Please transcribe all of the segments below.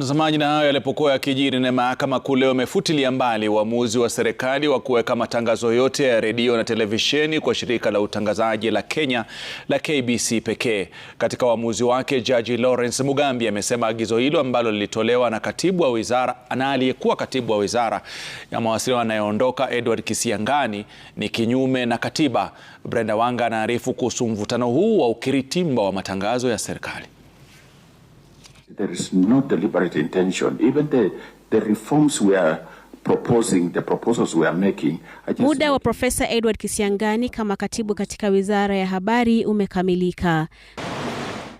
Mtazamaji, na hayo yalipokuwa yakijiri, na mahakama kuu leo imefutilia mbali uamuzi wa serikali wa kuweka matangazo yote ya redio na televisheni kwa shirika la utangazaji la Kenya la KBC pekee. Katika uamuzi wake, Jaji Lawrence Mugambi amesema agizo hilo ambalo lilitolewa na katibu wa wizara na aliyekuwa katibu wa wizara ya mawasiliano anayeondoka Edward Kisiangani ni kinyume na katiba. Brenda Wanga anaarifu kuhusu mvutano huu wa ukiritimba wa matangazo ya serikali there is no deliberate intention. Even the, the reforms we are proposing, the proposals we are making. Muda wa Profesa Edward Kisiangani kama katibu katika Wizara ya Habari umekamilika.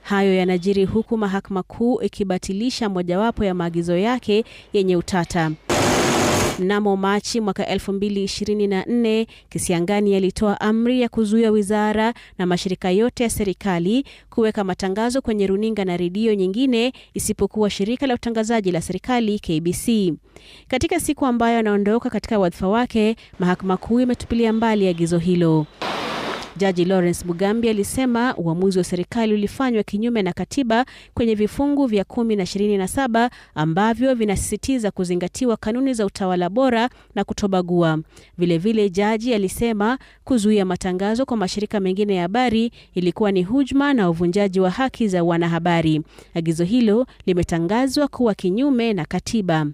Hayo yanajiri huku Mahakama Kuu ikibatilisha mojawapo ya maagizo yake yenye utata. Mnamo Machi mwaka 2024, Kisiangani alitoa amri ya kuzuia wizara na mashirika yote ya serikali kuweka matangazo kwenye runinga na redio nyingine isipokuwa shirika la utangazaji la serikali KBC. Katika siku ambayo anaondoka katika wadhifa wake, mahakama kuu imetupilia mbali agizo hilo. Jaji Lawrence Mugambi alisema uamuzi wa serikali ulifanywa kinyume na katiba kwenye vifungu vya kumi na ishirini na saba ambavyo vinasisitiza kuzingatiwa kanuni za utawala bora na kutobagua. Vilevile vile jaji alisema kuzuia matangazo kwa mashirika mengine ya habari ilikuwa ni hujuma na uvunjaji wa haki za wanahabari. Agizo hilo limetangazwa kuwa kinyume na katiba.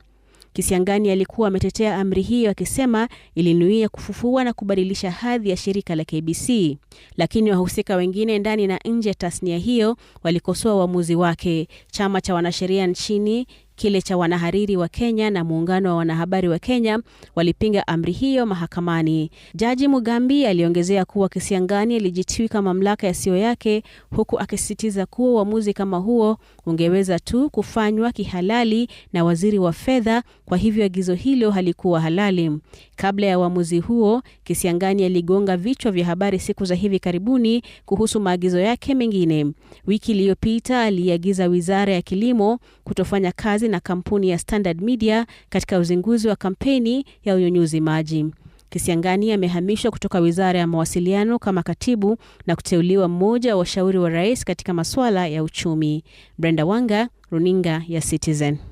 Kisiangani alikuwa ametetea amri hiyo akisema ilinuia kufufua na kubadilisha hadhi ya shirika la KBC, lakini wahusika wengine ndani na nje ya tasnia hiyo walikosoa uamuzi wake. Chama cha wanasheria nchini kile cha wanahariri wa Kenya na muungano wa wanahabari wa Kenya walipinga amri hiyo mahakamani. Jaji Mugambi aliongezea kuwa Kisiangani alijitwika mamlaka yasiyo yake, huku akisisitiza kuwa uamuzi kama huo ungeweza tu kufanywa kihalali na waziri wa fedha, kwa hivyo agizo hilo halikuwa halali. Kabla ya uamuzi huo, Kisiangani aligonga vichwa vya habari siku za hivi karibuni kuhusu maagizo yake mengine. Wiki iliyopita aliagiza Wizara ya Kilimo kutofanya kazi na kampuni ya Standard Media katika uzinguzi wa kampeni ya unyunyuzi maji. Kisiangani amehamishwa kutoka Wizara ya Mawasiliano kama katibu na kuteuliwa mmoja wa washauri wa rais katika masuala ya uchumi. Brenda Wanga, Runinga ya Citizen.